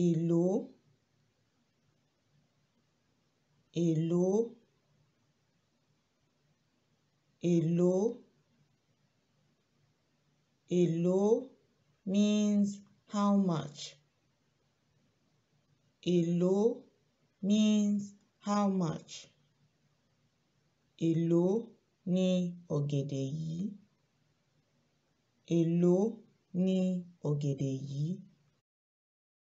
èló èló èló èló means how much èló means how much èló ni ọ̀gẹ̀dẹ̀ yìí èló ni ọ̀gẹ̀dẹ̀ yìí